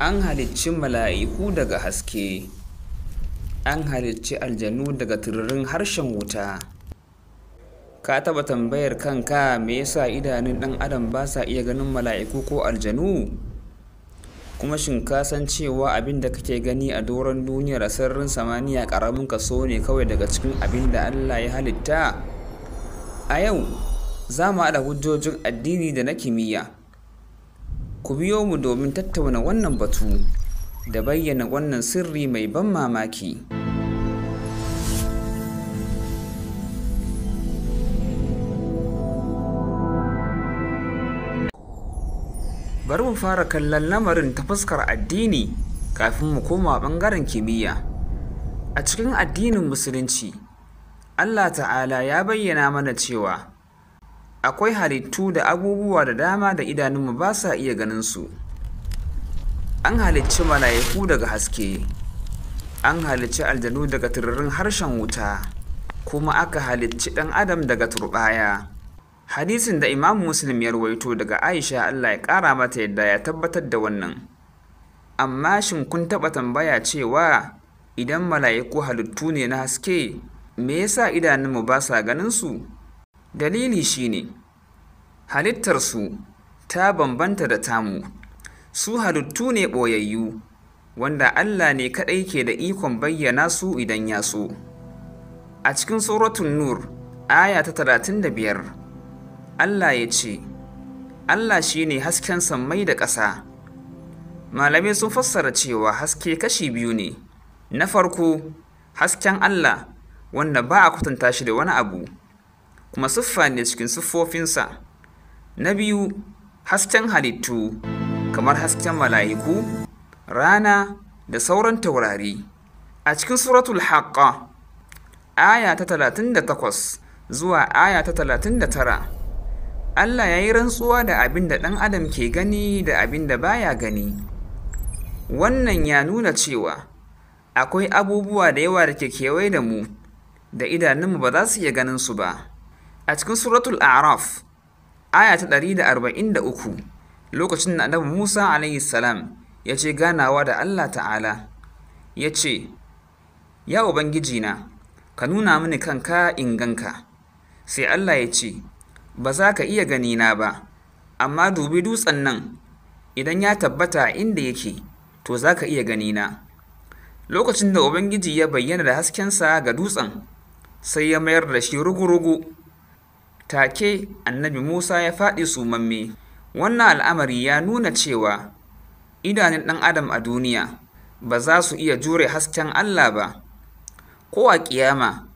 an halicci mala'iku daga haske an halicci aljanu daga tururin harshen wuta ka taba tambayar kanka me yasa idanun ɗan adam ba sa iya ganin mala'iku ko aljanu kuma shin ka san cewa abin da kake gani a doron duniyar sararin samaniya ka so ne kawai daga cikin abin da allah ya halitta a yau za mu haɗa hujjojin addini da na kimiyya ku biyo mu domin tattauna wannan batu da bayyana wannan sirri mai ban mamaki. Bari mu fara kallon lamarin ta fuskar addini kafin mu koma ɓangaren kimiyya. A cikin addinin Musulunci, Allah Ta'ala ya bayyana mana cewa akwai halittu da abubuwa da dama da idanunmu ba sa iya ganin su an halicci malayaku daga haske an halicci aljanu daga tururin harshen wuta kuma aka halicci ɗan adam daga turbaya hadisin da imam muslim ya rawaito daga aisha allah ya kara mata yadda ya tabbatar da wannan amma shin kun taɓa tambaya cewa idan malayaku halittu ne na haske me yasa idanunmu ba sa ganin su Dalili shine halittarsu ta bambanta da tamu, su halittu ne ɓoyayyu, wanda Allah ne kaɗai ke da ikon bayyana su idan ya so. A cikin suratun Nur, aya ta talatin da biyar, Allah ya ce, Allah shi ne hasken sammai da ƙasa. Malamai sun fassara cewa haske kashi biyu ne, na farko, hasken Allah, wanda ba a kwatanta shi da wani abu. kuma siffa ne cikin siffofinsa na biyu hasken halittu kamar hasken mala'iku rana da sauran taurari a cikin suratul haqqa aya ta talatin da takwas, zuwa aya ta talatin da tara. Allah ya yi rantsuwa da abin da ɗan adam ke gani da abin da baya gani wannan ya nuna cewa akwai abubuwa da yawa da ke kewaye da mu da idanunmu ba za su iya ganin su ba a cikin suratul a'raf aya ta 143 lokacin da annabi Musa alaihi salam ya ce ganawa da Allah ta'ala ya ce ya ubangiji na ka nuna mini kanka in ganka sai Allah ya ce ba za ka iya gani na ba amma dubi dutsen nan idan ya tabbata inda yake to za ka iya gani na lokacin da ubangiji ya bayyana da haskensa ga dutsen sai ya mayar da shi rugu-rugu take annabi Musa ya faɗi mamme. Wannan al'amari ya nuna cewa idanun ɗan adam a duniya ba za su iya jure hasken Allah ba, ko a ƙiyama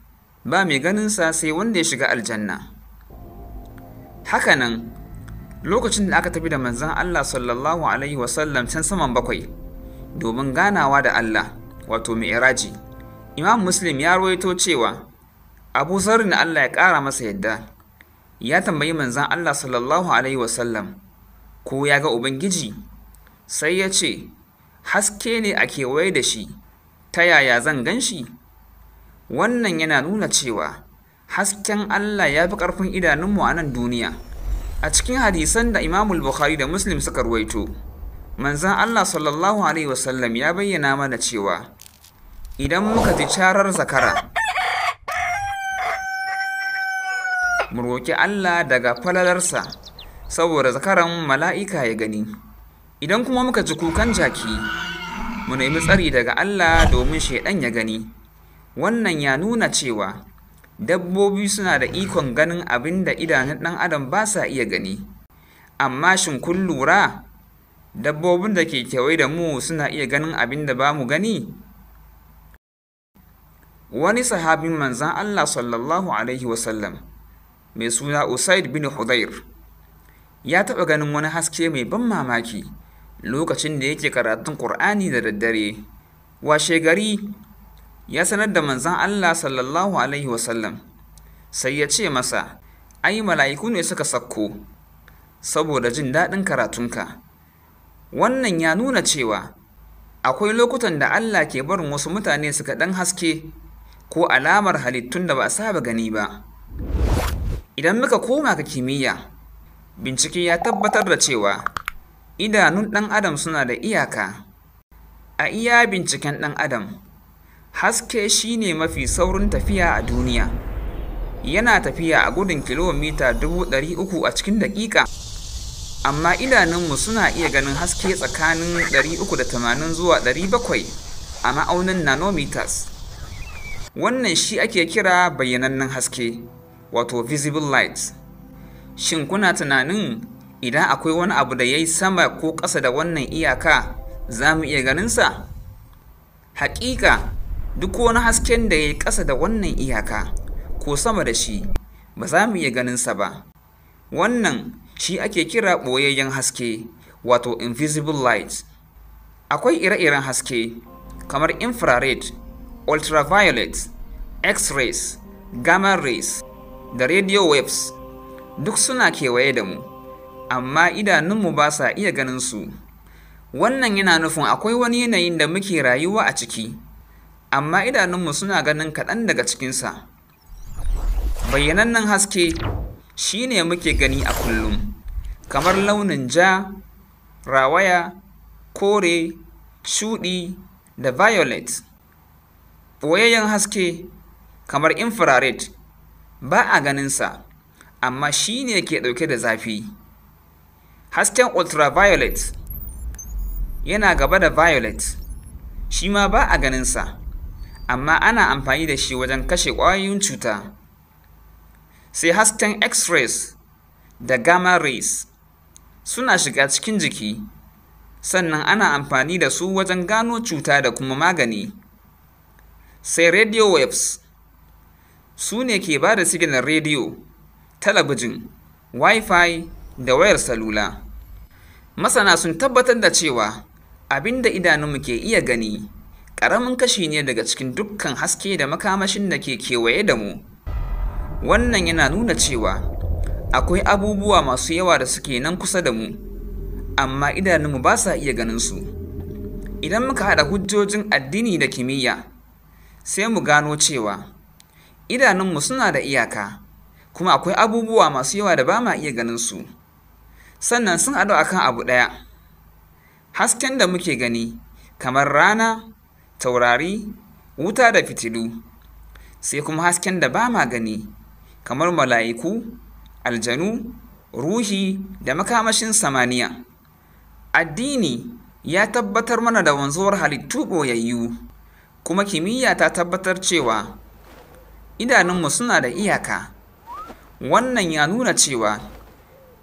ba mai ganinsa sai wanda ya shiga aljanna. Hakanan, lokacin da aka tafi da manzan Allah sallallahu Alaihi wasallam can saman bakwai, domin ganawa da Allah, wato Imam Muslim ya rawaito cewa, Abu na Allah ya ƙara masa yadda. ya tambayi manzan Allah sallallahu alaihi wasallam ko ya ga ubangiji sai ya ce haske ne a kewaye da shi ta yaya zan gan shi wannan yana nuna cewa hasken Allah ya fi ƙarfin idanunmu a nan duniya a cikin hadisan da imamul bukhari da muslim suka ruwaito manzan Allah sallallahu alaihi wasallam ya bayyana mana cewa idan muka ji carar zakara mu roƙi Allah daga falalarsa saboda zakaran mala'ika ya gani idan kuma muka ji kukan jaki mu nemi tsari daga Allah domin shaidan ya gani wannan ya nuna cewa dabbobi suna da ikon ganin abin da idanun ɗan adam ba sa iya gani amma shin kun lura dabbobin da ke kewaye da mu suna iya ganin abin da ba mu gani wani sahabin manzan Allah sallallahu alaihi wasallam mai suna usaid bin hudair ya taɓa ganin wani haske mai ban mamaki lokacin da yake karatun ƙur'ani da daddare washe gari ya sanar da manzan allah sallallahu alaihi wasallam sai ya ce masa ai mala'iku ne suka sakko saboda jin daɗin karatunka wannan ya nuna cewa akwai lokutan da allah ke barin wasu mutane suka ɗan haske ko alamar halittun da ba a saba gani ba idan muka koma ga kimiyya bincike ya tabbatar da cewa idanun ɗan adam suna da iyaka a iya binciken ɗan adam haske shine mafi saurin tafiya a duniya yana tafiya a gudun kilomita 300 a cikin daƙiƙa amma idanunmu suna iya ganin haske tsakanin 380 zuwa 700 a ma'aunin nanometers wannan shi ake kira bayyanannen haske wato visible light shin kuna tunanin idan akwai wani abu da ya yi sama ko ƙasa da wannan iyaka za mu iya ganinsa haƙiƙa duk wani hasken da ya yi ƙasa da wannan iyaka ko sama da shi ba za mu iya ganinsa ba wannan shi ake kira ɓoyayyen haske wato invisible light akwai ire-iren haske kamar infrared ultraviolet x-rays gamma rays da radio waves duk suna kewaye da mu amma idanunmu ba sa iya ganin su wannan yana nufin akwai wani yanayin da muke rayuwa a ciki amma idanunmu suna ganin kaɗan daga cikinsa bayyanannen haske shi ne muke gani a kullum kamar launin ja rawaya kore shuɗi da violet ɓoyayyen haske kamar infrared ba a ganinsa amma shi ne ke ɗauke da zafi hasken ultraviolet yana gaba da violet shi ma ba a ganinsa amma ana amfani da shi wajen kashe ƙwayoyin cuta sai hasken x-rays da gamma rays suna shiga cikin jiki sannan ana amfani da su wajen gano cuta da kuma magani sai radio waves su ne ke ba da siginar rediyo talabijin wi-fi da wayar salula masana sun tabbatar da cewa abin da idanunmu ke iya gani ƙaramin kashi ne daga cikin dukkan haske da makamashin da ke kewaye da mu wannan yana nuna cewa akwai abubuwa masu yawa da suke nan kusa da mu amma idanunmu ba sa iya ganin su idan muka haɗa hujjojin addini da kimiyya sai mu gano cewa idanunmu suna da iyaka kuma akwai abubuwa masu yawa da ba ma iya ganin su sannan sun haɗu akan abu ɗaya hasken da muke gani kamar rana taurari wuta da fitilu sai kuma hasken da ba ma gani kamar mala'iku aljanu ruhi da makamashin samaniya addini ya tabbatar mana da wanzuwar halittu ɓoyayyu kuma kimiyya ta tabbatar cewa idanunmu suna da iyaka wannan ya nuna cewa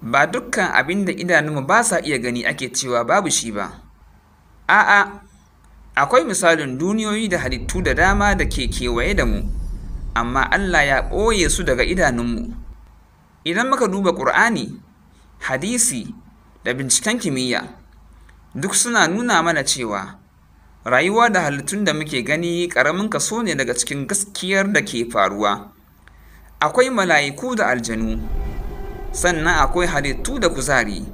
ba dukkan abin da idanunmu ba sa iya gani ake cewa babu shi ba a'a akwai misalin duniyoyi da halittu da dama da ke kewaye da mu amma allah ya ɓoye su daga idanunmu idan muka duba ƙur'ani hadisi da binciken kimiyya duk suna nuna mana cewa rayuwa da halittun da muke gani ƙaramin kaso ne daga cikin gaskiyar da ke faruwa akwai mala'iku da aljanu sannan akwai halittu da kuzari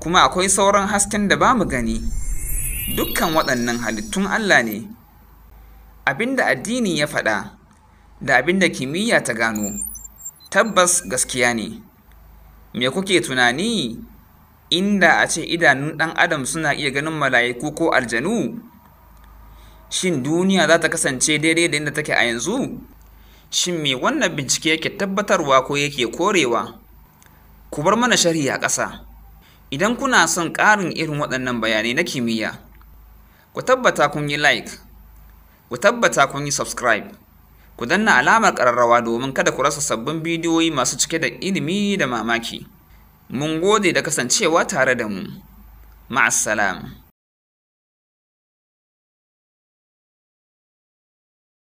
kuma akwai sauran hasken da ba mu gani dukkan waɗannan halittun allah ne abinda addini ya faɗa da abinda kimiyya ta gano tabbas gaskiya ne me kuke tunani inda a ce idanun ɗan adam suna iya ganin mala'iku ko aljanu shin duniya za ta kasance daidai da inda take a yanzu shin me wannan bincike yake tabbatarwa ko yake korewa ku bar mana sharhi a ƙasa idan kuna son ƙarin irin waɗannan bayanai na kimiyya ku tabbata kun yi like ku tabbata kun yi subscribe ku danna alamar ƙararrawa domin kada ku rasa sabbin bidiyoyi masu cike da ilimi da mamaki mun gode da kasancewa tare da mu ma'assalam